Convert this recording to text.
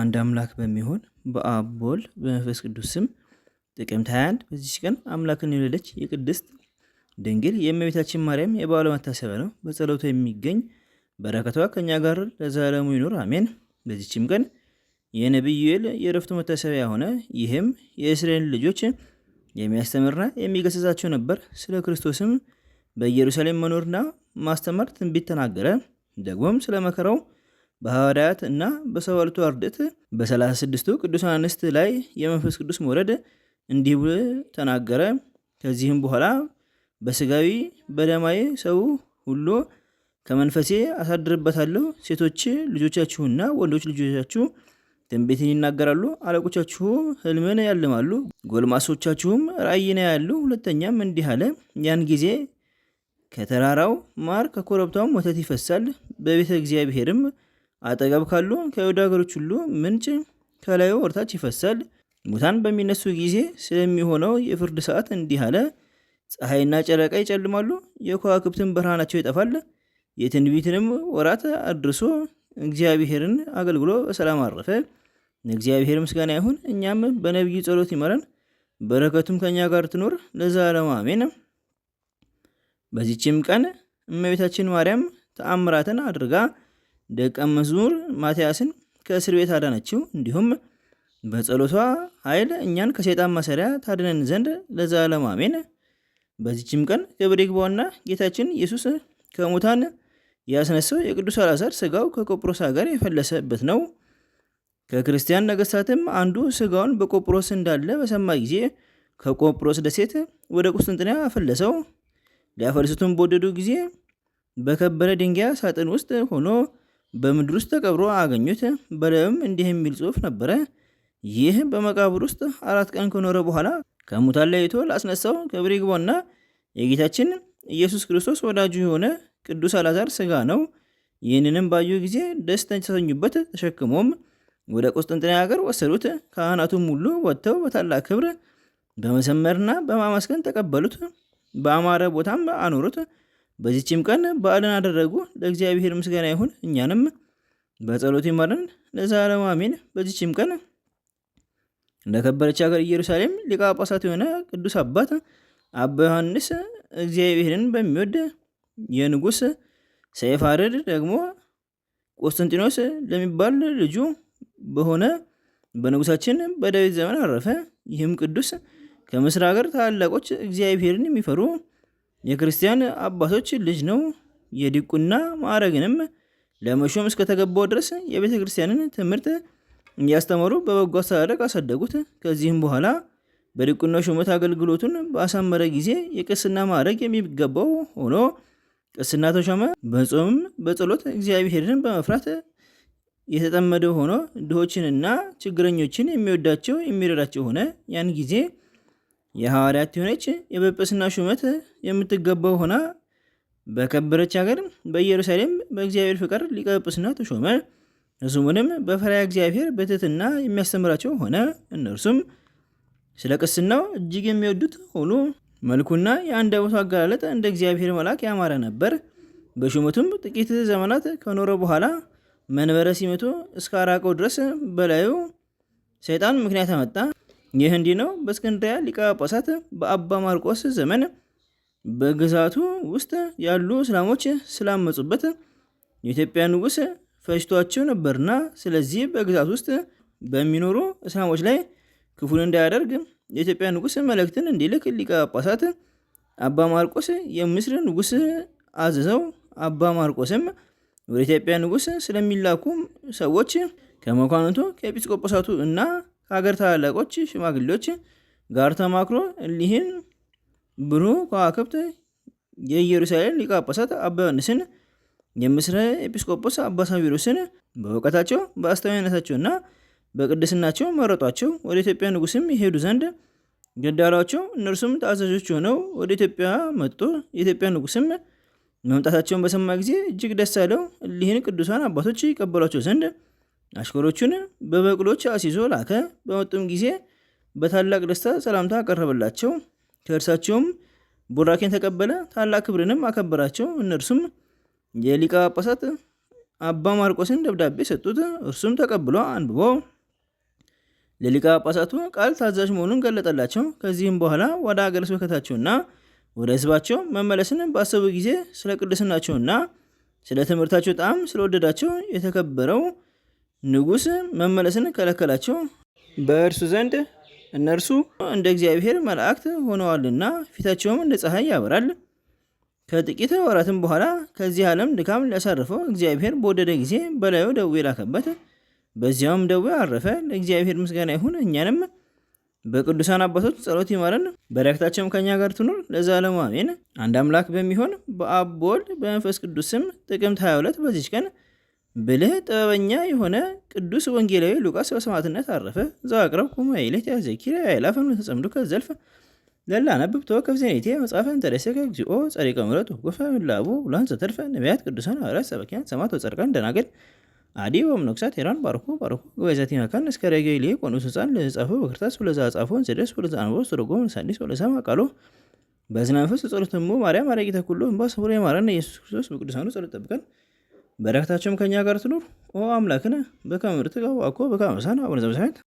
አንድ አምላክ በሚሆን በአብ በወልድ በመንፈስ ቅዱስ ስም ጥቅምት 21 በዚች ቀን አምላክን የወለደች የቅድስት ድንግል የእመቤታችን ማርያም የበዓሉ መታሰቢያ ነው። በጸሎቷ የሚገኝ በረከቷ ከእኛ ጋር ለዘላለሙ ይኑር አሜን። በዚችም ቀን የነቢዩ ኤል መታሰቢያ ሆነ። ይህም የእስራኤል ልጆች የሚያስተምርና የሚገሰጻቸው ነበር። ስለ ክርስቶስም በኢየሩሳሌም መኖርና ማስተማር ትንቢት ተናገረ። ደግሞም ስለ መከራው በሐዋርያት እና በሰባልቱ አርድእት በሰላሳ ስድስቱ ቅዱሳን አንስት ላይ የመንፈስ ቅዱስ መውረድ እንዲህ ብሎ ተናገረ። ከዚህም በኋላ በስጋዊ በደማዊ ሰው ሁሉ ከመንፈሴ አሳድርበታለሁ። ሴቶች ልጆቻችሁና ወንዶች ልጆቻችሁ ትንቢትን ይናገራሉ፣ አለቆቻችሁ ህልምን ያልማሉ፣ ጎልማሶቻችሁም ራእይን ያሉ ሁለተኛም እንዲህ አለ፣ ያን ጊዜ ከተራራው ማር ከኮረብታውም ወተት ይፈሳል። በቤተ እግዚአብሔርም አጠገብ ካሉ ከይሁዳ ሀገሮች ሁሉ ምንጭ ከላዩ ወርታች ይፈሳል። ሙታን በሚነሱ ጊዜ ስለሚሆነው የፍርድ ሰዓት እንዲህ አለ። ፀሐይና ጨረቃ ይጨልማሉ፣ የከዋክብትን ብርሃናቸው ይጠፋል። የትንቢትንም ወራት አድርሶ እግዚአብሔርን አገልግሎ በሰላም አረፈ። ለእግዚአብሔር ምስጋና ይሁን፣ እኛም በነቢዩ ጸሎት ይመረን፣ በረከቱም ከእኛ ጋር ትኖር ለዘላለሙ አሜን። በዚችም ቀን እመቤታችን ማርያም ተአምራትን አድርጋ ደቀ መዝሙር ማትያስን ከእስር ቤት አዳነችው። እንዲሁም በጸሎቷ ኃይል እኛን ከሰይጣን ማሰሪያ ታድነን ዘንድ ለዘላለም አሜን። በዚችም ቀን ክብር ይግባውና ጌታችን ኢየሱስ ከሙታን ያስነሳው የቅዱስ አልዓዛር ስጋው ከቆጵሮስ ሀገር የፈለሰበት ነው። ከክርስቲያን ነገስታትም አንዱ ስጋውን በቆጵሮስ እንዳለ በሰማ ጊዜ ከቆጵሮስ ደሴት ወደ ቁስጥንጥንያ አፈለሰው። ሊያፈልሱትም በወደዱ ጊዜ በከበረ ድንጋይ ሳጥን ውስጥ ሆኖ በምድር ውስጥ ተቀብሮ አገኙት። በላዩም እንዲህ የሚል ጽሑፍ ነበረ። ይህ በመቃብር ውስጥ አራት ቀን ከኖረ በኋላ ከሙታን ለይቶ ላስነሳው ክብር ይግባውና የጌታችን ኢየሱስ ክርስቶስ ወዳጁ የሆነ ቅዱስ አልዓዛር ሥጋ ነው። ይህንንም ባዩ ጊዜ ደስ ተሰኙበት። ተሸክሞም ወደ ቆስጥንጥና ሀገር ወሰዱት። ካህናቱም ሁሉ ወጥተው በታላቅ ክብር በመሰመርና በማመስገን ተቀበሉት። በአማረ ቦታም አኖሩት። በዚችም ቀን በዓልን አደረጉ። ለእግዚአብሔር ምስጋና ይሁን፣ እኛንም በጸሎት ይማረን ለዘላለሙ አሜን። በዚችም ቀን ለከበረች ሀገር ኢየሩሳሌም ሊቀ ጳጳሳት የሆነ ቅዱስ አባት አባ ዮሐንስ እግዚአብሔርን በሚወድ የንጉስ ሰይፋርድ ደግሞ ቆስጠንጢኖስ ለሚባል ልጁ በሆነ በንጉሳችን በዳዊት ዘመን አረፈ። ይህም ቅዱስ ከምስር ሀገር ታላቆች እግዚአብሔርን የሚፈሩ የክርስቲያን አባቶች ልጅ ነው። የዲቁና ማዕረግንም ለመሾም እስከተገባው ድረስ የቤተ ክርስቲያንን ትምህርት እያስተማሩ በበጎ አስተዳደግ አሳደጉት። ከዚህም በኋላ በዲቁና ሹመት አገልግሎቱን በአሳመረ ጊዜ የቅስና ማዕረግ የሚገባው ሆኖ ቅስና ተሾመ። በጾምም በጸሎት እግዚአብሔርን በመፍራት የተጠመደ ሆኖ ድሆችንና ችግረኞችን የሚወዳቸው የሚረዳቸው ሆነ። ያን ጊዜ የሐዋርያት የሆነች የጵጵስና ሹመት የምትገባው ሆና በከበረች ሀገር በኢየሩሳሌም በእግዚአብሔር ፍቅር ሊቀ ጵጵስና ተሾመ። ሕዝቡንም በፈሪሃ እግዚአብሔር በትትና የሚያስተምራቸው ሆነ። እነርሱም ስለ ቅስናው እጅግ የሚወዱት ሆኑ። መልኩና የአንደበቱ አገላለጥ እንደ እግዚአብሔር መልአክ ያማረ ነበር። በሹመቱም ጥቂት ዘመናት ከኖረ በኋላ መንበረ ሲመቱ እስከ አራቀው ድረስ በላዩ ሰይጣን ምክንያት አመጣ። ይህ እንዲህ ነው። በእስክንድርያ ሊቀ ጳጳሳት በአባ ማርቆስ ዘመን በግዛቱ ውስጥ ያሉ እስላሞች ስላመፁበት የኢትዮጵያ ንጉስ ፈጅቷቸው ነበርና፣ ስለዚህ በግዛት ውስጥ በሚኖሩ እስላሞች ላይ ክፉን እንዳያደርግ የኢትዮጵያ ንጉስ መልእክትን እንዲልክ ሊቀ ጳጳሳት አባ ማርቆስ የምስር ንጉስ አዘዘው። አባ ማርቆስም ወደ ኢትዮጵያ ንጉስ ስለሚላኩ ሰዎች ከመኳንንቱ ከኤጲስቆጶሳቱ እና ከሀገር ታላላቆች ሽማግሌዎች ጋር ተማክሮ እሊህን ብሩህ ከዋክብት የኢየሩሳሌም ሊቀ ጳጳሳት አባ ዮሐንስን የምስረ ኤጲስቆጶስ አባ ሳዊሮስን በእውቀታቸው በአስተዋይነታቸውና በቅድስናቸው መረጧቸው። ወደ ኢትዮጵያ ንጉስም ይሄዱ ዘንድ ገዳሏቸው። እነርሱም ታዛዦች ሆነው ወደ ኢትዮጵያ መጡ። የኢትዮጵያ ንጉስም መምጣታቸውን በሰማ ጊዜ እጅግ ደስ አለው። እሊህን ቅዱሳን አባቶች ይቀበሏቸው ዘንድ አሽከሮቹን በበቅሎች አስይዞ ላከ። በመጡም ጊዜ በታላቅ ደስታ ሰላምታ አቀረበላቸው። ከእርሳቸውም ቡራኬን ተቀበለ፣ ታላቅ ክብርንም አከበራቸው። እነርሱም የሊቀ ጳጳሳት አባ ማርቆስን ደብዳቤ ሰጡት። እርሱም ተቀብሎ አንብቦ ለሊቀ ጳጳሳቱ ቃል ታዛዥ መሆኑን ገለጠላቸው። ከዚህም በኋላ ወደ አገረ ስብከታቸውና ወደ ሕዝባቸው መመለስን ባሰቡ ጊዜ ስለ ቅድስናቸውና ስለ ትምህርታቸው ጣም ስለወደዳቸው የተከበረው ንጉስ መመለስን ከለከላቸው። በእርሱ ዘንድ እነርሱ እንደ እግዚአብሔር መላእክት ሆነዋልና ፊታቸውም እንደ ፀሐይ ያበራል። ከጥቂት ወራትም በኋላ ከዚህ ዓለም ድካም ሊያሳርፈው እግዚአብሔር በወደደ ጊዜ በላዩ ደዌ ላከበት። በዚያውም ደዌ አረፈ። ለእግዚአብሔር ምስጋና ይሁን፣ እኛንም በቅዱሳን አባቶች ጸሎት ይማረን፣ በረከታቸውም ከኛ ጋር ትኑር ለዘላለሙ አሜን። አንድ አምላክ በሚሆን በአብ በወልድ በመንፈስ ቅዱስ ስም ጥቅምት 22 በዚች ቀን ብልህ ጥበበኛ የሆነ ቅዱስ ወንጌላዊ ሉቃስ በሰማዕትነት አረፈ። ዘአቅረብኩ እምኃይሌተ ያዘኪር አእላፈ ተጸምዱ ከዘልፈ ለላ ነብብቶ ዜኔቴ መጽሐፈ እንተደሰከ እግዚኦ ጸሪቀ ምሕረቱ ጎፈ ምላቡ ውላን ዘተርፈ ነቢያት ቅዱሳን ሐዋርያት ሰበኪያን ሰማት ወጻድቃን ደናግል አዲ ወምኖክሳት ሄራን ባርኩ ባርኩ በዛቲ መካን እስከ ረገ ኢሌ ቆኑስ ሕፃን ለጻፈ በክርታስ ወለዛ ጻፎን ዘደስ ወለዛ አንቦ ወተረጎመ ለሳድስ ወለሰማ ቃሎ በዝናንፈስ ጸሎትሙ ማርያም አረጊተ ኩሉ እምባ ስሙር የማረነ ኢየሱስ ክርስቶስ በቅዱሳኑ ጸሎት ጠብቀን በረከታቸውም ከኛ ጋር ትኑር ኦ አምላክነ በከመ ምርትከ ወአኮ በከመ መሳህነ አቡነ ዘበሰማያት